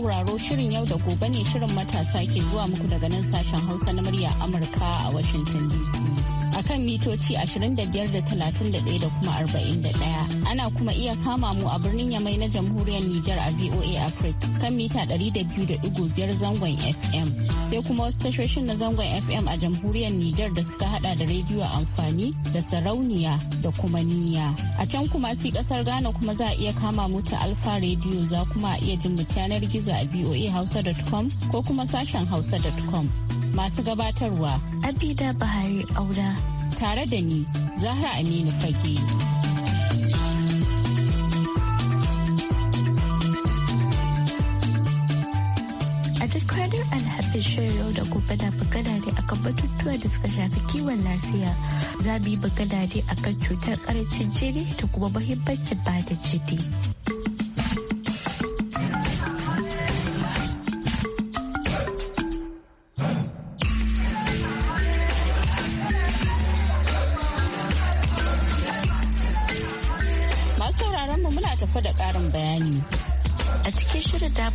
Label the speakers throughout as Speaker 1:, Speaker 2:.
Speaker 1: sauraro shirin yau da gobe ne shirin matasa ke zuwa muku daga nan sashen Hausa na murya Amurka a Washington DC. akan mitoci 25 da 31 da kuma 41. Ana kuma iya kama mu a birnin Yamai na jamhuriyar Nijar a VOA Africa kan mita 200.5 zangon FM. Sai kuma wasu tashoshin na zangon FM a jamhuriyar Nijar da suka hada da rediyo amfani da sarauniya da kuma niya A can kuma si kasar Ghana kuma za a iya kama mu ta Alfa rediyo za kuma iya jin mu yanar gizo a voa Hausa.com ko kuma sashen hausa.com. masu gabatarwa abida bahari aura tare da ni zahra aminu fage a duk ranar alhamis shirin yau da gobe na magana ne akan batutuwa da suka shafi kiwon lafiya za mu yi magana ne akan cutar karancin jini da kuma muhimmancin bada jini.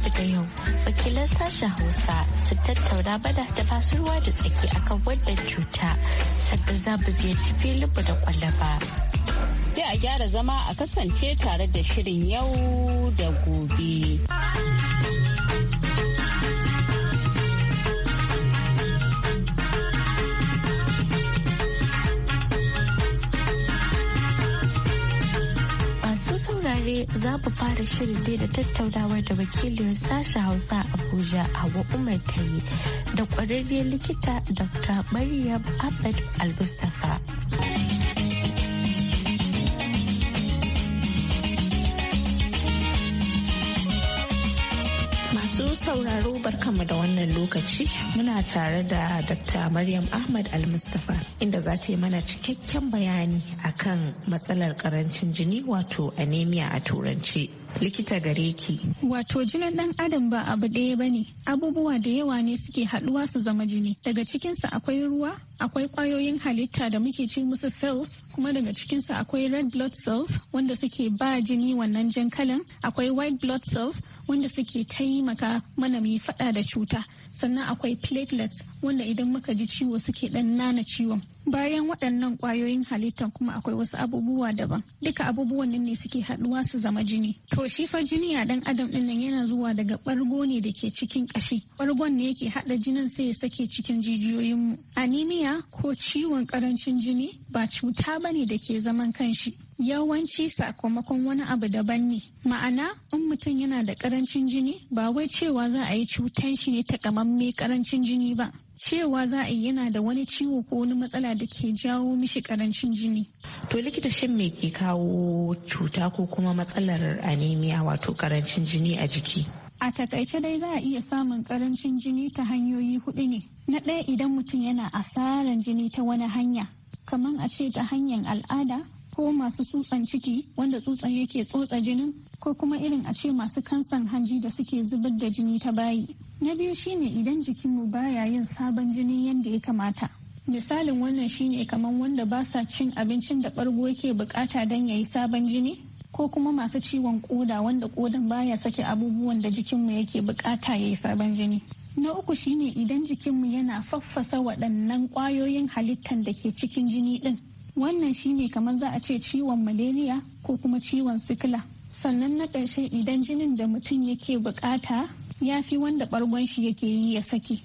Speaker 1: ta da yau wakilan sashen hausa su tattauna bada da basu ruwa da tsaki akan wannan cuta sadda za mu ziyarci filin da ba sai a gyara zama a kasance tare da shirin yau
Speaker 2: da gobe.
Speaker 1: za mu fara shirin dai da tattaunawar da wakilin sashen hausa abuja hawa umar ta da kwararriyar likita dr maryam ahmed al
Speaker 2: Masu sauraro barkanmu da wannan lokaci muna tare da Dr. Maryam Ahmad Al-Mustapha inda za ta yi mana cikakken bayani akan matsalar karancin jini wato anemia a turanci. likita gare ki.
Speaker 3: Wato jinin ɗan adam ba abu ɗaya ba ne, abubuwa da yawa ne suke haɗuwa su zama jini. Daga cikinsa akwai ruwa, akwai kwayoyin halitta da muke ci musu cells, kuma daga cikinsa akwai red blood cells wanda suke ba jini wannan jan kalan, akwai white blood cells wanda suke taimaka mana mai faɗa da cuta. Sannan akwai platelets wanda idan muka ji ciwo suke ɗan nana ciwon. bayan waɗannan ƙwayoyin halittan kuma akwai wasu abubuwa daban duka abubuwan nan ne suke haɗuwa su zama jini to shi fa jini a ɗan adam ɗin nan yana zuwa daga ɓargo ne da ke cikin ƙashi ɓargon ne yake haɗa jinin sai ya sake cikin jijiyoyin mu anemia ko ciwon ƙarancin jini ba cuta bane da ke zaman kanshi yawanci sakamakon wani abu daban ne ma'ana in mutum yana da karancin jini ba wai cewa za a yi cutan shi ne ta takamamme karancin jini ba cewa za a yi yana da wani ciwo ko wani matsala da ke jawo mishi karancin jini
Speaker 2: to likita shin me ke kawo cuta ko kuma matsalar anemia wato karancin jini a jiki
Speaker 3: a takaice dai za a iya samun karancin jini ta hanyoyi hudu ne na ɗaya idan mutum yana asaran jini ta wani hanya kamar a ce ta hanyar al'ada ko masu tsutsan ciki wanda tsutsan yake tsotsa jinin ko kuma irin a ce masu kansan hanji da suke zubar da jini ta bayi na biyu shine idan jikinmu baya yin sabon jini yadda ya kamata misalin wannan shine kamar wanda ba sa cin abincin da bargo yake bukata don ya yi sabon jini ko kuma masu ciwon koda wanda kodan baya sake abubuwan da jikinmu yake bukata ya yi sabon jini Na uku shine idan jikinmu yana faffasa waɗannan ƙwayoyin halittan da ke cikin jini ɗin wannan shine kamar za a ce ciwon malaria ko kuma ciwon sikila sannan na ƙarshe idan jinin da mutum yake bukata ya fi wanda ɓargon shi yake yi ya saki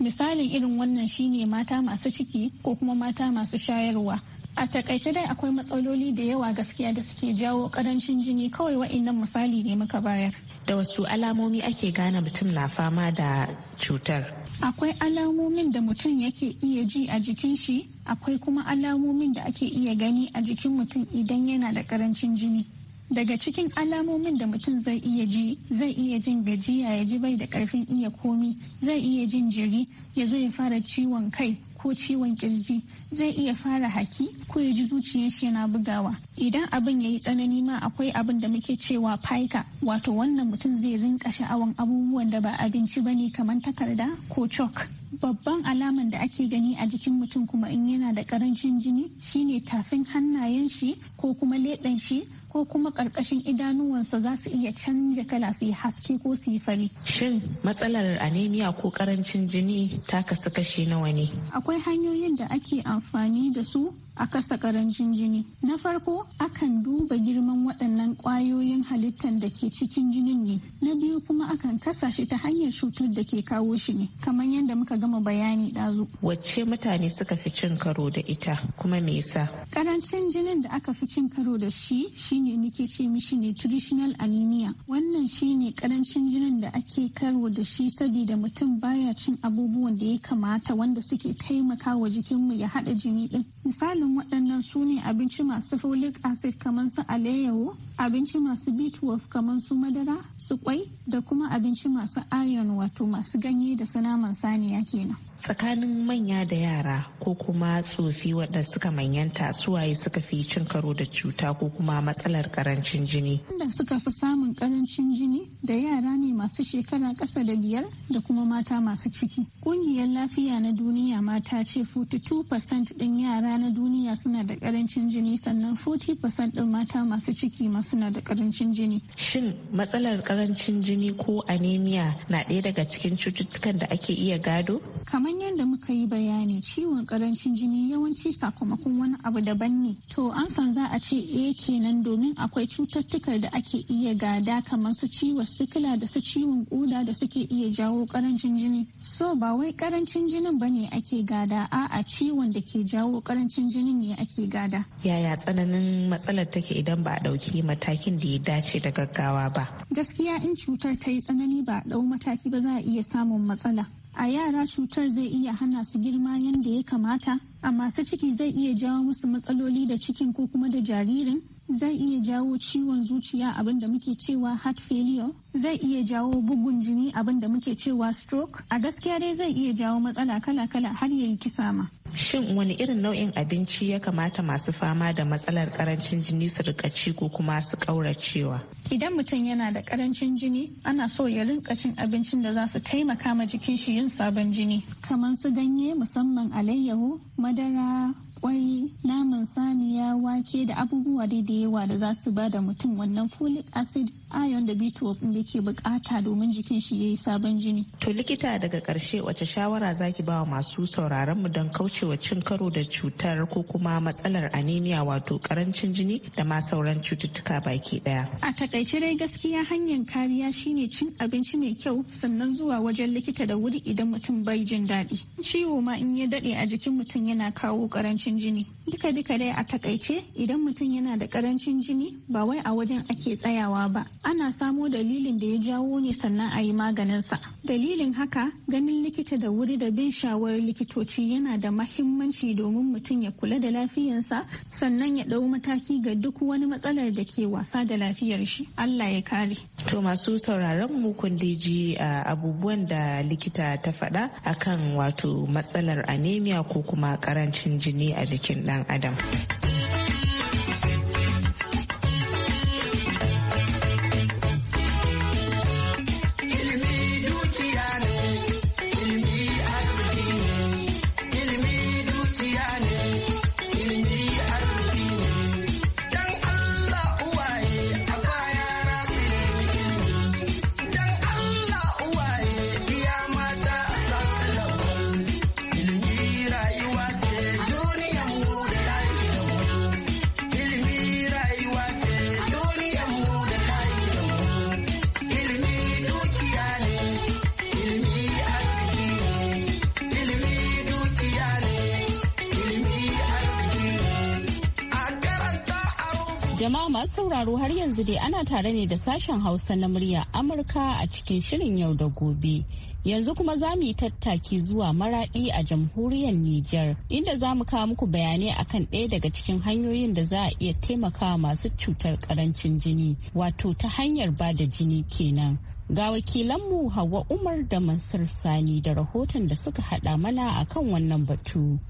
Speaker 3: misalin irin wannan shine mata masu ciki ko kuma mata masu shayarwa a takaice dai akwai matsaloli da yawa gaskiya da suke jawo karancin jini kawai wa'annan misali ne muka bayar da wasu alamomi
Speaker 2: ake gane mutum na fama da cutar
Speaker 3: akwai alamomin da mutum yake iya ji a jikin shi akwai kuma alamomin da ake iya gani a jikin mutum idan yana da karancin jini daga cikin alamomin da mutum zai iya ji zai iya jin gajiya ya ji bai da karfin iya komi zai iya jin jiri ya zo ya fara ciwon kai ko ciwon kirji zai iya fara haki ko ya ji zuciyar shi yana bugawa idan abin ya yi tsanani ma akwai abin da muke cewa pika. wato wannan mutum zai rinka sha'awan abubuwan da ba abinci ba ne kamar takarda ko chalk babban alaman da ake gani a jikin mutum kuma in yana da karancin jini shine tafin hannayen shi ko kuma leɗen shi ko kuma ƙarƙashin idanuwansa za su iya canja kala su yi haske ko su yi fari. Shin
Speaker 2: matsalar anemia ko ƙarancin jini ta kasu kashi nawa ne?
Speaker 3: Akwai hanyoyin da ake amfani da su a kasa karancin jini. Na farko akan duba girman waɗannan ƙwayoyin halittar da ke cikin jinin ne. Na biyu kuma akan kasa shi ta hanyar cutar da ke kawo shi ne kamar yadda muka gama bayani ɗazu.
Speaker 2: Wacce mutane suka fi cin karo da ita kuma me yasa?
Speaker 3: Karancin jinin da aka fi cin karo da shi shine nake ce mishi nutritional anemia. Wannan shine karancin jinin da ake karo da shi saboda mutum baya cin abubuwan da ya kamata wanda suke taimakawa jikinmu ya haɗa jini ɗin. Misali misalin waɗannan su ne abinci masu folic acid kamar su alayyawo abinci masu b12 kamar su madara su kwai da kuma abinci masu iron wato masu ganye da su saniya kenan
Speaker 2: tsakanin manya da yara ko kuma tsofi waɗanda suka manyanta suwaye suka fi cin karo da cuta ko kuma matsalar karancin jini
Speaker 3: da suka fi samun karancin jini da yara ne masu shekara ƙasa da biyar da kuma mata masu ciki ƙungiyar lafiya na duniya mata ce 42% ɗin yara na duniya duniya suna da karancin jini sannan 40% din mata masu ciki ma suna da karancin jini. Shin matsalar
Speaker 2: karancin jini ko anemia na ɗaya daga cikin cututtukan da ake iya gado?
Speaker 3: Kamar yadda muka yi bayani ciwon karancin jini yawanci sakamakon wani abu daban ne. To an san za a ce eh kenan domin akwai cututtukan da ake iya gada kamar su ciwon sikila da su ciwon koda da suke iya jawo karancin jini. So ba wai karancin jinin bane ake gada a'a ciwon da ke jawo karancin jini jini ne ake gada.
Speaker 2: Yaya tsananin matsalar take idan ba a ɗauki matakin da ya dace da gaggawa ba?
Speaker 3: Gaskiya in cutar ta yi tsanani ba a ɗau mataki ba za a iya samun matsala. A yara cutar zai iya hana su girma yadda ya kamata, a masu ciki zai iya jawo musu matsaloli da cikin ko kuma da jaririn, zai iya jawo ciwon zuciya abin da muke cewa heart failure zai iya jawo bugun jini abin da muke cewa stroke a gaskiya dai zai iya jawo matsala kala-kala har yayi kisa ma
Speaker 2: Shin wani irin nau'in abinci ya kamata masu fama da matsalar karancin jini su rika ci ko kuma su kauracewa?
Speaker 3: Idan mutum yana da karancin jini, ana so ya rinka cin abincin da za su taimaka ma jikin shi yin sabon jini. Kamar su ganye musamman alayyahu, madara, kwai, naman saniya, wake da abubuwa da yawa da za su ba da mutum wannan folic acid ayon da b din da ke bukata domin jikin shi ya yi sabon jini.
Speaker 2: To likita daga karshe wace shawara zaki ba wa masu sauraron mu don kaucewa cin karo da cutar ko kuma matsalar anemia wato karancin jini da ma sauran cututtuka baki daya.
Speaker 3: A takaice dai gaskiya hanyar kariya shine cin abinci mai kyau sannan zuwa wajen likita da wuri idan mutum bai jin daɗi. Ciwo ma in ya daɗe a jikin mutum yana kawo karancin jini. Duka duka dai a takaice idan mutum yana da karancin jini ba wai a wajen ake tsayawa ba ana samo dalilin da ya jawo ne sannan a yi maganinsa. Dalilin haka ganin likita da wuri da bin shawarar likitoci yana da mahimmanci domin mutum ya kula da lafiyarsa sannan ya ɗau mataki ga duk wani matsalar da ke wasa da lafiyar shi. Allah ya kare.
Speaker 2: To masu sauraron mu kun ji abubuwan da likita ta faɗa akan wato matsalar anemia ko kuma ƙarancin jini a jikin ɗan adam.
Speaker 1: Jama'a masu sauraro har yanzu dai ana tare ne da sashen Hausa na murya Amurka a cikin shirin yau da gobe. Yanzu kuma za mu yi tattaki zuwa maraɗi a jamhuriyar Nijar, inda za mu kawo muku bayanai akan ɗaya daga cikin hanyoyin da za a iya taimakawa masu cutar ƙarancin jini, wato ta hanyar ba da jini kenan. Ga wakilanmu Hawa Umar da Mansur Sani da rahoton da suka haɗa
Speaker 2: mana akan wannan batu.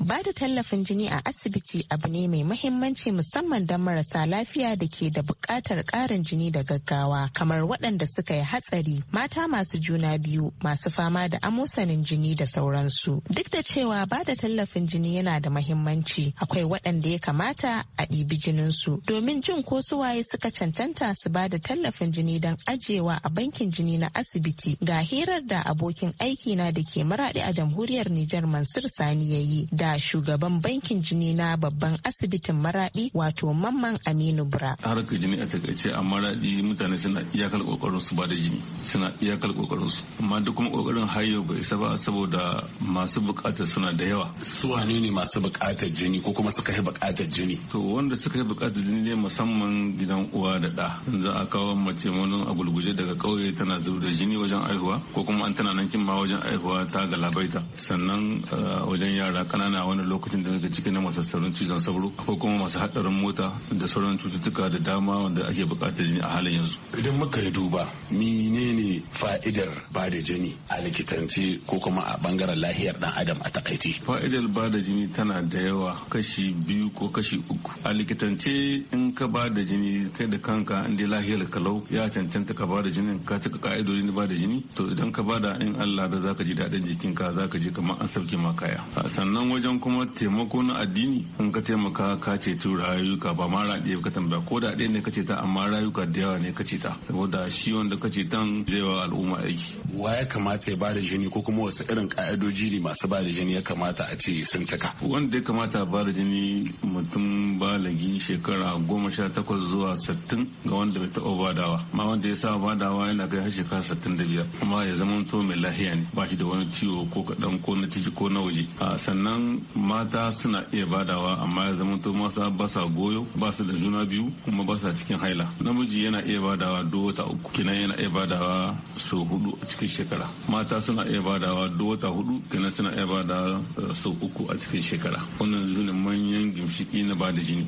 Speaker 2: Ba da tallafin jini a asibiti abu ne mai mahimmanci musamman don marasa lafiya da ke da buƙatar ƙarin jini da gaggawa kamar waɗanda suka yi hatsari, mata masu juna biyu, masu fama da amosanin jini da sauransu. Duk da cewa ba da tallafin jini yana da mahimmanci, akwai waɗanda ya kamata a ɗibi jininsu domin jin ko suwaye suka cancanta su ba da tallafin jini don ajiyewa a bankin jini na asibiti. Ga hirar da abokin aikina da ke maraɗi a jamhuriyar Nijar Mansur Sani ya yi da shugaban bankin jini na babban asibitin maradi wato mamman aminu bura
Speaker 4: harkar jini a takaice a maradi mutane suna iyakar kokarin su ba da jini suna iyakar kokarin su amma duk kuma kokarin hayo bai isa ba saboda masu bukatar suna da yawa su wane ne masu bukatar jini ko kuma suka yi bukatar jini to wanda suka yi bukatar jini ne musamman gidan uwa da da za a kawo mace wani a gulguje daga kauye tana zubar da jini wajen aihuwa ko kuma an tana nan kin ma wajen aihuwa ta galabaita sannan eh, wajen yara yara kanana wani lokacin da ciki na masassarun cizon sauro ko kuma masu hadarin mota da sauran cututtuka da dama wanda ake bukatar jini a halin yanzu.
Speaker 5: Idan muka yi duba menene fa'idar ba da jini a likitance ko kuma a bangaren lahiyar
Speaker 4: dan adam a takaice. Fa'idar ba da jini tana da yawa kashi biyu ko kashi uku. A likitance in ka ba da jini kai da kanka in dai lahiyar kalau ya cancanta ka ba da jinin ka cika ka'idodin ba da jini to idan ka ba da in Allah da zaka ji daɗin jikinka zaka je kamar an sauke ma kaya. sannan wajen kuma taimako na addini in ka taimaka ka ceto rayuka ba mara ɗaya ka tambaya ko da ɗaya ne ka ta amma rayuka da yawa ne ka ta saboda
Speaker 5: shi wanda ka tan zai wa al'umma aiki. wa ya kamata ya ba da jini ko kuma wasu irin ka'idoji ne masu ba da jini ya kamata a ce sun cika.
Speaker 4: wanda ya kamata ba da jini mutum balagi shekara goma sha takwas zuwa sittin ga wanda bai taɓa badawa amma wanda ya sa badawa yana kai har shekara sittin da biyar amma ya zama to mai lahiya ne ba shi da wani ciwo ko kaɗan ko na ciki ko na waje. sannan mata suna iya badawa amma ya zama to masa ba sa goyo ba su da juna biyu kuma ba sa cikin haila namiji yana iya badawa duk wata uku kenan yana iya badawa so hudu a cikin shekara mata suna iya badawa duk wata hudu kenan suna iya badawa eh, so uku a cikin shekara wannan zuwa manyan gimshiki na bada
Speaker 5: jini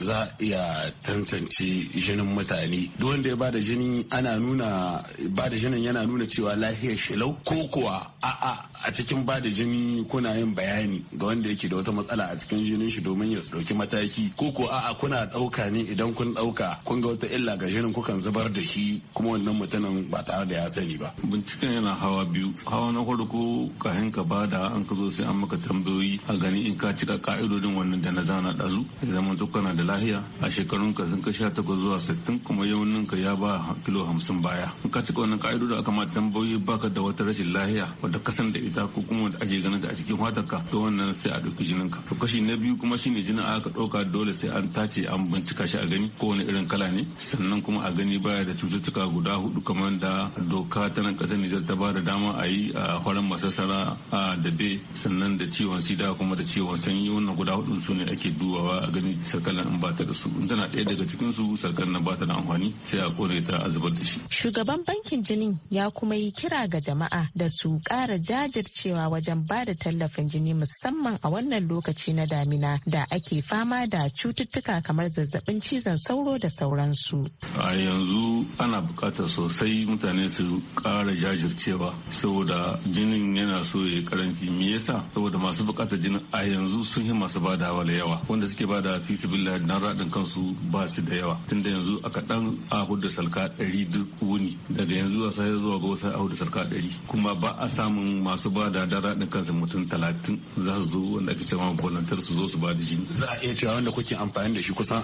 Speaker 5: za a iya tantance jinin mutane duk wanda ya bada jini ana nuna bada jinin yana nuna cewa lafiyar shilau ko kuwa a'a a cikin bada jini kuna yin bayani ga wanda yake da wata matsala a cikin jinin shi domin ya dauki mataki ko ko a'a kuna dauka ne idan kun dauka kun ga wata illa ga jinin kukan zubar da shi kuma wannan mutumin ba tare da ya sani ba
Speaker 4: binciken yana hawa biyu hawa na farko kafin ka bada an ka zo sai an maka tambayoyi a gani in ka cika ka'idodin wannan da na zana dazu ya zama kana da lahiya a shekarun ka sun ka sha takwas zuwa sittin kuma yawanin ka ya ba kilo hamsin baya in ka cika wannan ka'idodin aka ma tambayoyi baka da wata rashin lahiya wadda kasan da ita ko kuma da ake ganin ta a cikin fata ka to wannan sai a ɗauki jinin ka to kashi na biyu kuma shine jinin aka ɗauka dole sai an tace an bincika shi a gani ko wani irin kala ne sannan kuma a gani baya da cututtuka guda hudu kamar da doka ta nan ƙasar Nijar ta ba da dama a yi a horon masasara a da be sannan da ciwon sida kuma da ciwon sanyi wannan guda hudu su ne ake dubawa a gani sarkalan in ba ta da su tana ɗaya daga cikin su sarkalan ba ta da amfani sai a kore ta a zubar da shi.
Speaker 2: Shugaban bankin jinin ya kuma yi kira ga jama'a da su kara jajircewa wajen ba tallafin jini musamman a wannan lokaci na damina da ake fama da cututtuka kamar zazzabin cizon sauro da sauransu.
Speaker 4: A yanzu ana bukatar sosai mutane su kara jajircewa saboda jinin yana so ya karanci me yasa saboda masu bukatar jinin a yanzu sun yi masu bada da yawa wanda suke bada fisibillah na raɗin kansu ba su da yawa tunda yanzu aka dan a hudu salka ɗari duk wuni daga yanzu a sai zuwa ga wasu a hudu salka ɗari kuma ba a samun masu bada da raɗin kansu mutum talatin talatin za su zo wanda aka cewa volunteer su zo su ba da shi Za a iya cewa wanda kuke amfani da shi kusan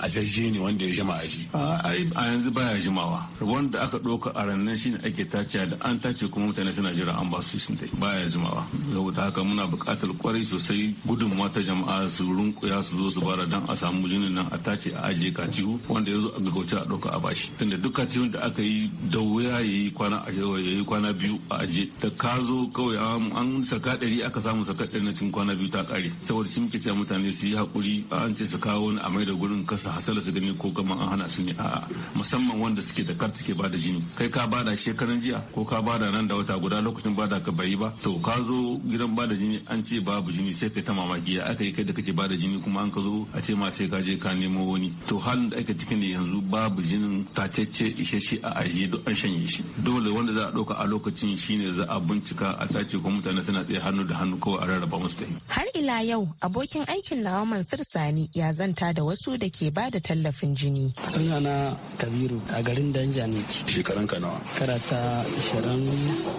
Speaker 4: ne wanda ya jima a shi. A yanzu baya jimawa. Wanda aka ɗauka a ranar shi ne ake tace da an tace kuma mutane suna jira an ba su shi ne baya jimawa. Saboda haka muna buƙatar kwarai sosai gudun ta jama'a su rinƙuya su zo su bara dan a samu jinin nan a tace a ajiye katihu wanda ya zo a gaggauce a ɗauka a bashi. Tunda duk katihun da aka yi da wuya ya yi kwana biyu a ajiye. Da ka zo kawai an saka ɗari aka samu saka ɗari na kwana biyu ta kare saboda shi muke cewa mutane su yi hakuri an ce su kawo wani a mai da gurin kasa hasala su gani ko kaman an hana su ne a'a musamman wanda suke da kar suke bada jini kai ka bada shekaran jiya ko ka bada nan da wata guda lokacin bada ka bai ba to ka zo gidan bada jini an ce babu jini sai kai ta mamaki ya aka yi kai da kake bada jini kuma an ka zo a ce ma sai ka je ka nemo wani to halin da aka ciki ne yanzu babu jinin tacece isheshe a ajiye duk an shanye shi dole wanda za a ɗauka a lokacin shine za a bincika a tace ko mutane suna tsaye hannu
Speaker 5: da hannu kawai a rarraba Borno State.
Speaker 2: Har ila yau abokin aikin nawa Mansur Sani ya zanta da wasu da ke ba da tallafin jini.
Speaker 5: Sunana Kabiru a garin Danjani. Shekaran ka nawa? Karata ishirin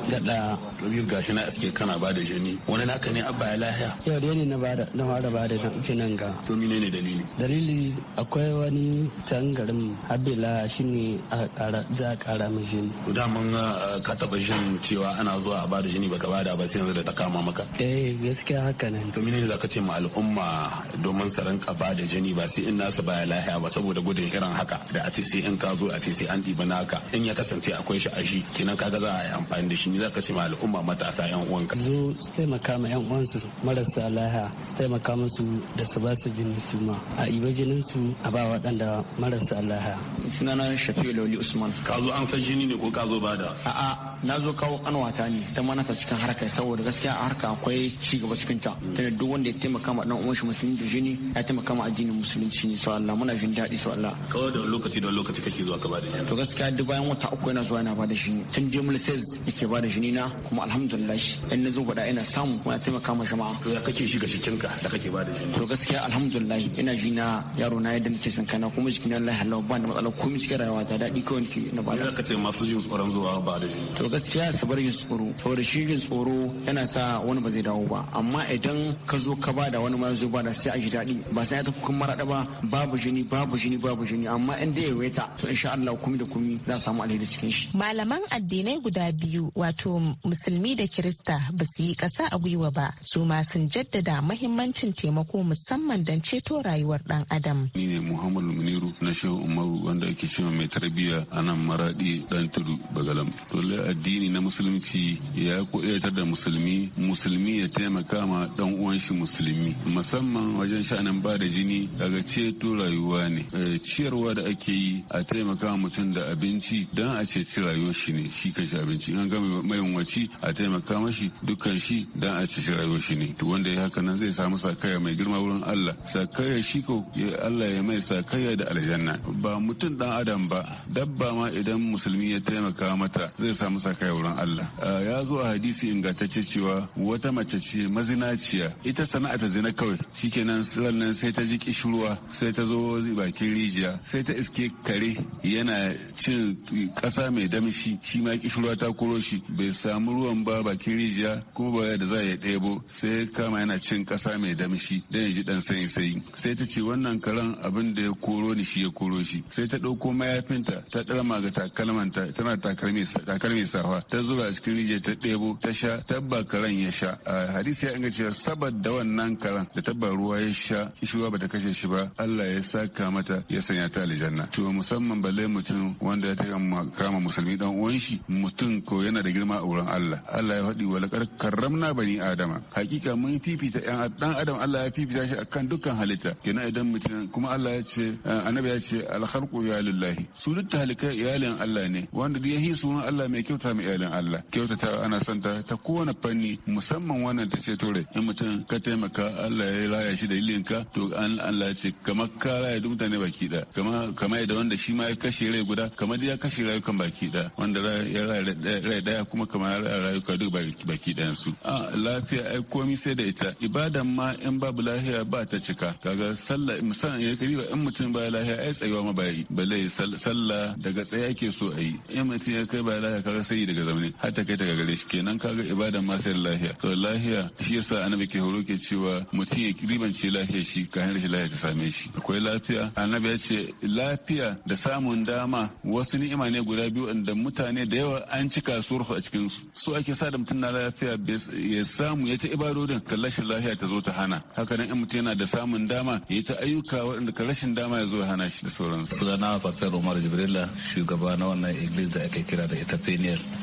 Speaker 5: da ɗaya. Kabiru gashi na aske kana ba da jini. Wani naka ne abba ya lahiya? Yau da ne na da na fara ba da jinin ga. To mine ne dalili? Dalili akwai wani can garin Habila shine a kara za a kara min jini. To daman ah, ka taɓa jin cewa ana zuwa a ba da jini baka ka ba sai yanzu da ta kama maka.
Speaker 6: Eh gaskiya gaskiya haka nan
Speaker 5: to menene zaka ce ma al'umma domin su rinka ba da jini ba sai in nasu baya lahiya ba saboda gudun irin haka da a ce sai in ka zo a ce sai an ɗiba naka in ya kasance akwai shi a shi kenan kaga za a yi amfani da shi ne zaka ce ma al'umma matasa yan ka zo su taimaka ma yan uwansu marasa lahiya su taimaka musu da su ba su jini su ma a iba jinin su a ba waɗanda marasa lahiya sunana shafi'u lauli usman ka zo an san jini ne ko ka zo bada a'a na zo kawo kanwata ne ta manata cikin harkar saboda gaskiya a harka akwai ci gaba ba cikin ta tana duk wanda ya taimaka ma dan uwan shi musulmi da jini ya taimaka ma addinin musulunci ne sallallahu Allah muna jin daɗi sallallahu Allah kawai da lokaci da lokaci kake zuwa ka bada jini to gaskiya duk bayan wata uku yana zuwa yana bada jini tun mul says yake bada jini na kuma alhamdulillah in na zo faɗa ina samu kuma taimaka ma jama'a to ya kake shiga cikin ka da kake bada jini to gaskiya alhamdulillah ina ji na yaro na yadda nake san kana kuma jikina Allah Allah ba da matsala komai cikin rayuwa ta daɗi kawai nake na ba ya kace masu jin tsoron zuwa bada jini to gaskiya su bar tsoro to da shi jin tsoro yana sa wani ba zai dawo ba amma idan ka zo ka ba da wani ma zo da sai a ji daɗi ba sai ta kun maraɗa ba babu jini babu jini babu jini amma in dai yawaita to insha Allah kumi da kumi za samu alheri cikin shi
Speaker 2: malaman addinai guda biyu wato musulmi da kirista ba su yi ƙasa a gwiwa ba su ma sun jaddada mahimmancin taimako musamman don ceto rayuwar dan adam
Speaker 7: ni ne muhammadu muniru na shehu umaru wanda ake cewa mai tarbiyya a nan maraɗi ɗan tudu bagalam lallai addini na musulunci ya koyar da musulmi musulmi ya taimaka kama dan uwan shi musulmi musamman wajen sha'anin ba da jini daga ceto rayuwa ne eh, ciyarwa da ake yi a taimaka mutum da abinci dan a ceci rayuwar shi ne shi kashi abinci an gama mayunwaci a taimaka mashi dukkan shi dan a ceci rayuwar shi ne to wanda ya haka nan zai samu sakaya mai girma wurin Allah sakaya shi ko Allah ya mai sakaya da aljanna ba mutum dan adam ba dabba ma idan musulmi ya taimaka mata zai samu sakaya wurin Allah eh, ya zo a hadisi ingantacce cewa wata mace ce mazinaciya ita sana'a ta zina kawai shikenan sannan sai ta ji kishirwa sai ta zo bakin rijiya sai ta iske kare yana cin kasa mai damshi shi ma kishirwa ta kuro shi bai samu ruwan ba bakin rijiya kuma ba da za ya ɗebo sai kama yana cin kasa mai damshi dan ji dan sanyi sanyi sai ta ce wannan karan abin da ya koro ni shi ya koro shi sai ta ɗauko mayafinta ta ɗarma ga takalmanta tana takalmi safa ta zura cikin rijiya ta ɗebo ta sha tabba karan ya sha a hadisi sai an ga cewa saboda wannan karan da ta ruwa ya sha kishiwa bata kashe shi ba Allah ya saka mata ya sanya ta aljanna to musamman balle mutum wanda ya taka kama musulmi dan uwan shi mutum ko yana da girma a wurin Allah Allah ya faɗi wala karramna bani adama hakika mun fifita yan dan adam Allah ya fifita shi akan dukkan halitta kenan idan mutum kuma Allah ya ce eh, annabi ya ce al kharqu ya lillahi su duk halika iyalin Allah ne wanda duk yahi sunan Allah mai kyauta mai iyalin Allah kyautata ana santa ta kowane fanni musamman wannan ta ce ceto rai in mutum ka taimaka Allah ya raya shi da ilinka to Allah ya ce kamar ka raya duk mutane baki da kamar kamar da wanda shi ma ya kashe rai guda kamar ya kashe rayukan baki da wanda ya raya daya kuma kamar rayuka duk baki da su a lafiya ai komi sai da ita ibadan ma in babu lafiya ba ta cika kaga sallah musamman ya kari in mutum ba lafiya ai tsayuwa ma ba yi balle sallah daga tsaye ake so a yi in mutum ya kai ba lafiya kaga sai daga zamani har ta kai ta gare shi kenan kaga ibadan ma sai lafiya to lafiya shi yasa annabi ke horo ke cewa mutum ya ribance lafiya shi ka hanyar shi lafiya ta same shi akwai lafiya annabi ya ce lafiya da samun dama wasu ni'ima ne guda biyu da mutane da yawa an ci kasuwar a cikin su so ake sa da mutum na lafiya ya samu ya ta ibadodin ka rashin lafiya ta zo ta hana haka nan in mutum yana da samun dama ya ta ayyuka waɗanda ka
Speaker 8: rashin dama ya zo ya hana shi da sauransu. sunana fasar umar jibrila shugaba na wannan iglis da ake kira da ita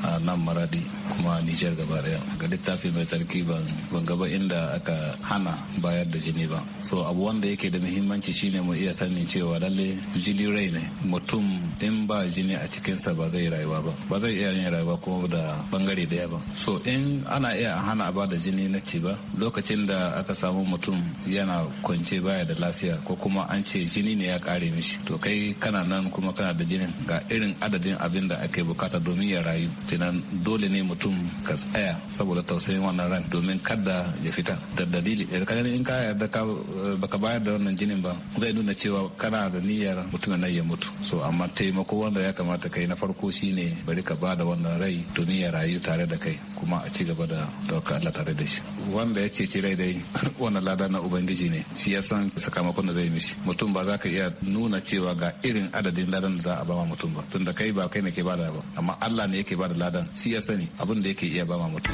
Speaker 8: a nan maradi kuma nijar gaba daya ga littafi mai tarki ban ban gaba inda aka hana bayar da jini ba so abu wanda yake da muhimmanci shine mu iya sani cewa lalle jini rai ne mutum in ba jini a cikinsa ba zai rayuwa ba ba zai iya yin rayuwa kuma da bangare daya ba so in ana iya hana ba da jini na ci ba lokacin da aka samu mutum yana kwance baya da lafiya ko kuma an ce jini ne ya kare mishi to kai kana nan kuma kana da jinin ga irin adadin abin da ake bukata domin ya rayu tunan dole ne mutum ka tsaya saboda tausayin wannan ran domin kada da ya fita da dalili da eh, ka in ka yarda ka eh, baka bayar da wannan jinin ba zai nuna cewa kana da niyyar mutum nan ya mutu so amma taimako wanda ya kamata kai na farko shine bari ka bada wannan rai domin ya rayu tare da kai kuma a ci gaba da dauka Allah tare da shi wanda ya ci rai dai wannan lada na ubangiji ne shi ya san sakamakon da zai mishi mutum ba za ka iya nuna cewa ga irin adadin ladan da za a ba mutum ba tunda kai ba kai ne ke bada ba amma Allah ne yake bada ladan shi ya sani abin da yake iya ba mutum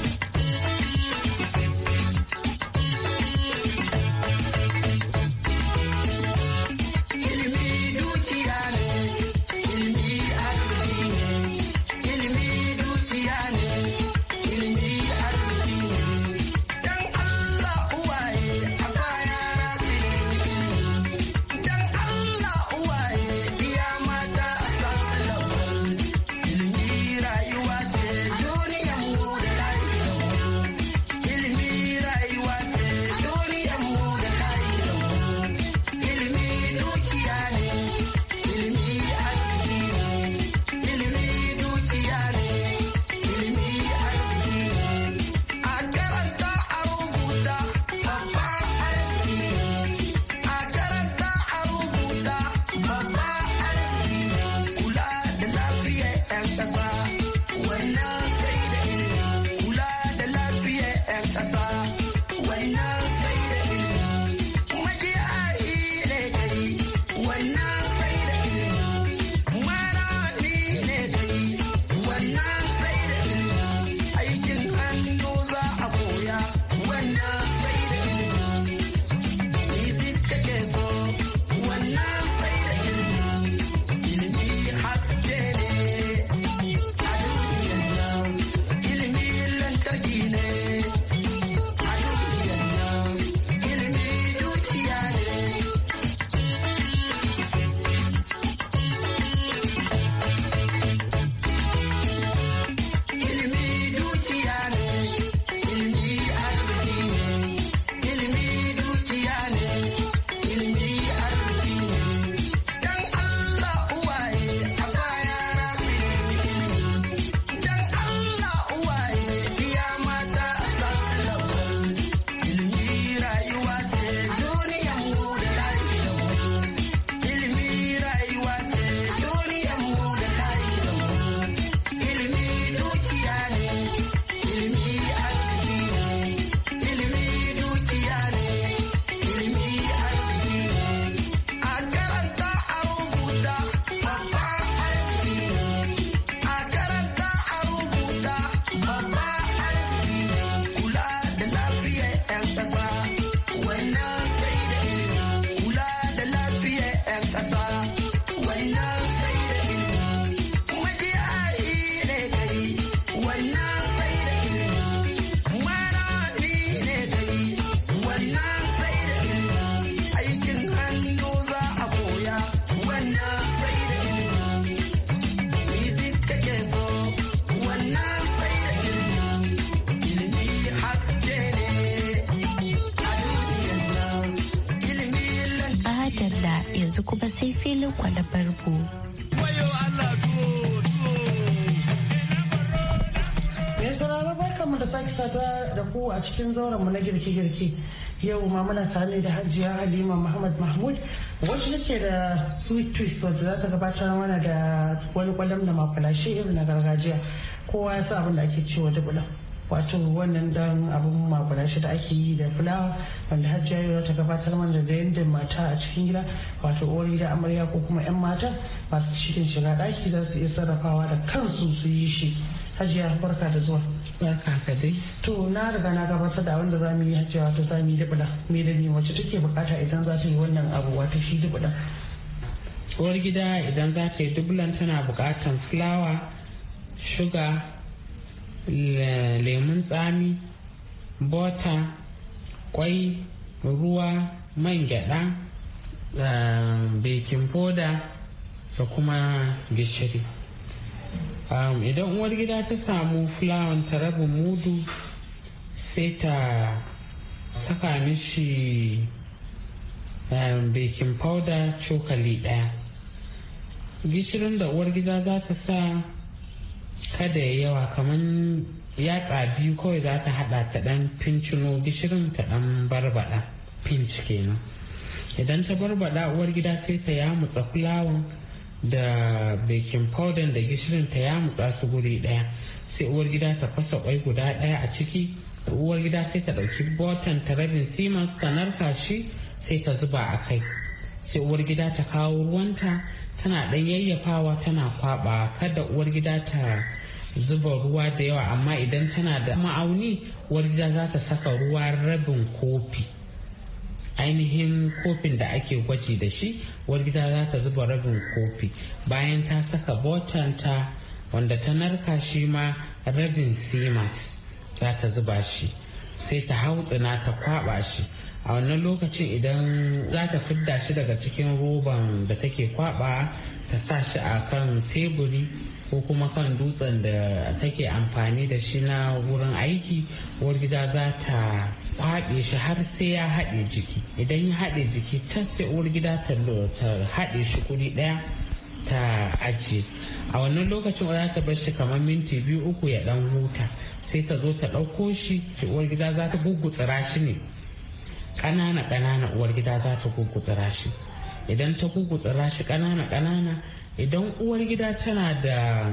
Speaker 1: filin kwalabar mu.
Speaker 3: mu da sake da ku a cikin zauren mu
Speaker 9: na girke-girke yau ma muna tare da hajiya halima muhammad mahmud wacce take da sweet twist wadda za ta gabatar mana da wani kwalam da makulashe irin na gargajiya kowa ya sa abin da ake cewa dubulan wato wannan dan abun makwada shi da ake yi da fulawa wanda hajjiya za ta gabatar mana da yadda mata a cikin gida wato uwar gida amarya ko kuma yan mata masu cikin shiga daki za su iya sarrafawa da kansu su yi shi hajiya barka da zuwa barka ka dai to na riga na gabatar da wanda da za mu yi hajiya wato za mu yi dubula me da me wacce take bukata idan za ta yi wannan abu wato shi dubula uwar gida idan za ta yi dubulan tana bukatan fulawa shuga lemun tsami bota kwai ruwa man gyada um, bakin foda, da kuma gishiri um, idan uwar gida ta samu fulawan ta rabin mudu sai ta saka mishi um, bakin foda, cokali daya gishirin da uwar gida za ta sa kada ya yawa kamar yatsa biyu kawai za ta hada ta dan fincino gishirin ta dan barbada pinch kenan idan ta barbada uwar gida sai ta yamutsa fulawan da baking powder da gishirin ta yamutsa su guri daya sai uwar gida ta fasa kwai guda daya a ciki uwar gida sai ta dauki botan ta rabin siemens ta narka shi sai ta zuba a kai sai uwar gida ta kawo ruwanta tana ɗan yayyafawa tana kwaba kada uwar gida ta zuba ruwa da yawa amma idan tana da ma'auni uwar gida za ta saka ruwa rabin kofi ainihin kofin da ake gwaji da shi uwar gida za ta zuba rabin kofi bayan ta saka botanta wanda ta narka shi ma rabin simas za ta zuba shi sai ta hau tsina ta kwaba shi a wannan lokacin idan za ta fidda shi daga cikin roban da take kwaba ta sa shi a kan teburi ko kuma kan dutsen da take amfani da shi na wurin aiki uwar gida za ta kwaɓe shi har sai ya haɗe jiki idan ya haɗe jiki ta sai uwar gida ta haɗe shi kuri ɗaya ta ajiye a wannan lokacin za ta bar shi kamar minti biyu uku ya ɗan huta sai ta zo ta ɗauko shi uwar gida za ta tsira shi ne ƙanana ƙanana uwar gida za ta gugutsira shi idan ta gugutsira shi ƙanana ƙanana idan uwar gida tana da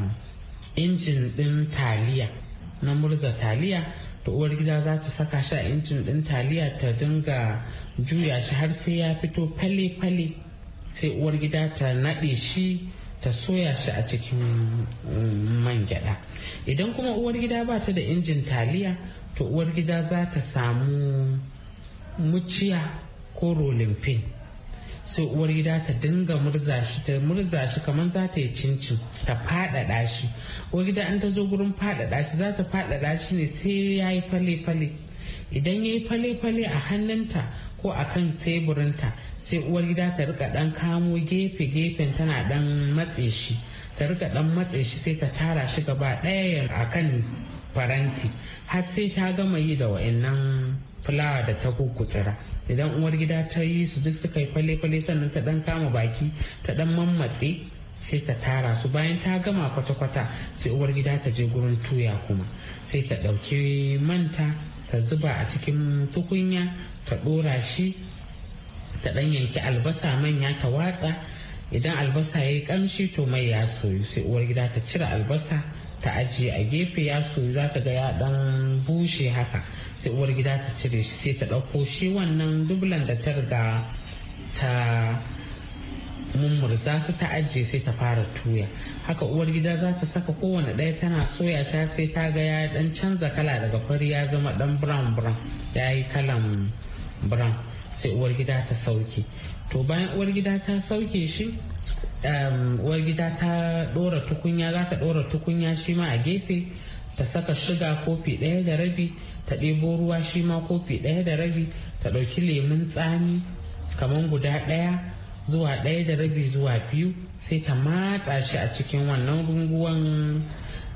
Speaker 9: injin ɗin taliya na murza taliya to uwar gida za ta saka shi a injin ɗin taliya ta dinga juya shi har sai ya fito fale-fale sai uwar gida ta naɗe shi ta soya shi a cikin mm, man gyada idan kuma uwar gida ba ta da injin taliya to uwar gida za ta samu muciya ko rolin rolimfin sai uwar gida ta dinga murza shi ta murza shi kamar za ta yi cincin ta fadada shi uwar gida an ta zo gurin fadada shi za ta faɗaɗa shi ne sai ya yi fale-fale idan ya yi fale-fale a hannunta ko a kan teburinta sai uwar gida ta rika dan kamo gefe-gefen tana dan matse shi ta rika dan matse shi sai ta tara shi gaba ɗaya a kan faranti har sai ta gama yi da wa'annan fulawa da ta kukutsira idan uwar gida ta yi su duk suka yi kwale-kwale sannan ta dan kama baki ta dan mammatse sai ta tara su bayan ta gama kwata-kwata sai uwar gida ta je gurin tuya kuma sai ta ɗauki manta ta zuba a cikin tukunya ta ɗora shi ta ɗan yanki albasa manya ta watsa idan albasa ya yi ƙamshi to mai ya soyu sai uwar gida ta cire albasa ta ajiye a gefe ya soyu za ta ga ya dan bushe haka sai uwar gida ta cire shi sai ta ɗauko shi wannan dublan da ta riga ta su ta ajiye sai ta fara tuya haka uwar gida za ta saka kowane ɗaya tana soya ta sai ta ga ya dan canza kala daga fari ya zama dan brown brown ya yi kalan brown sai uwar gida ta sauke to bayan uwar gida ta sauke shi uwar gida ta dora tukunya za ta dora tukunya shi ma a gefe ta saka shiga kofi ɗaya da rabi ta ɗebo ruwa shi ma kofi ɗaya da rabi ta ɗauki lemun tsami kamar guda ɗaya zuwa ɗaya da rabi zuwa biyu sai ta matsa shi a cikin wannan runguwan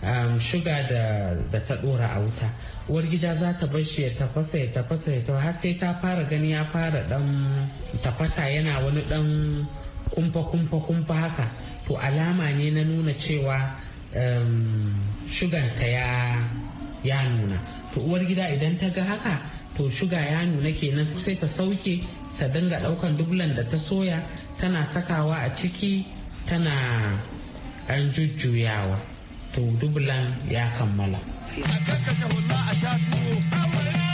Speaker 9: um, shuga da, ta ɗora a wuta uwar gida za ta bar shi ya tafasa ya tafasa ya tafasa har sai ta fara gani ya fara ɗan tafasa yana wani dan kumfa kumfa kumfa haka to alama ne na nuna cewa um, ta ya nuna to uwar gida idan ta ga haka to shuga ya nuna kenan sai ta sauke ta dinga daukan dublan da ta soya tana sakawa a ciki tana an jujjuyawa to dublan
Speaker 1: ya
Speaker 5: kammala a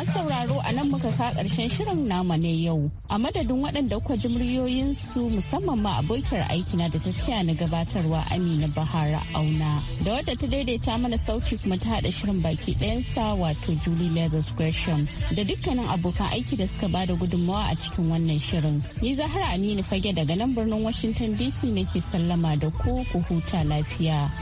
Speaker 1: Masu sauraro a nan muka ka karshen shirin nama ne yau. A madadin waɗanda kuka ji muryoyinsu musamman ma abokiyar aikina da ta taya na gabatarwa Amina Bahara Auna. Da wadda ta daidaita mana sauki kuma ta haɗa shirin baki ɗayansa wato Julie Lazarus Gresham. Da dukkanin abokan aiki da suka bada gudunmawa a cikin wannan shirin. Ni Zahra Aminu Fage daga nan birnin Washington DC nake sallama da ku ku huta lafiya.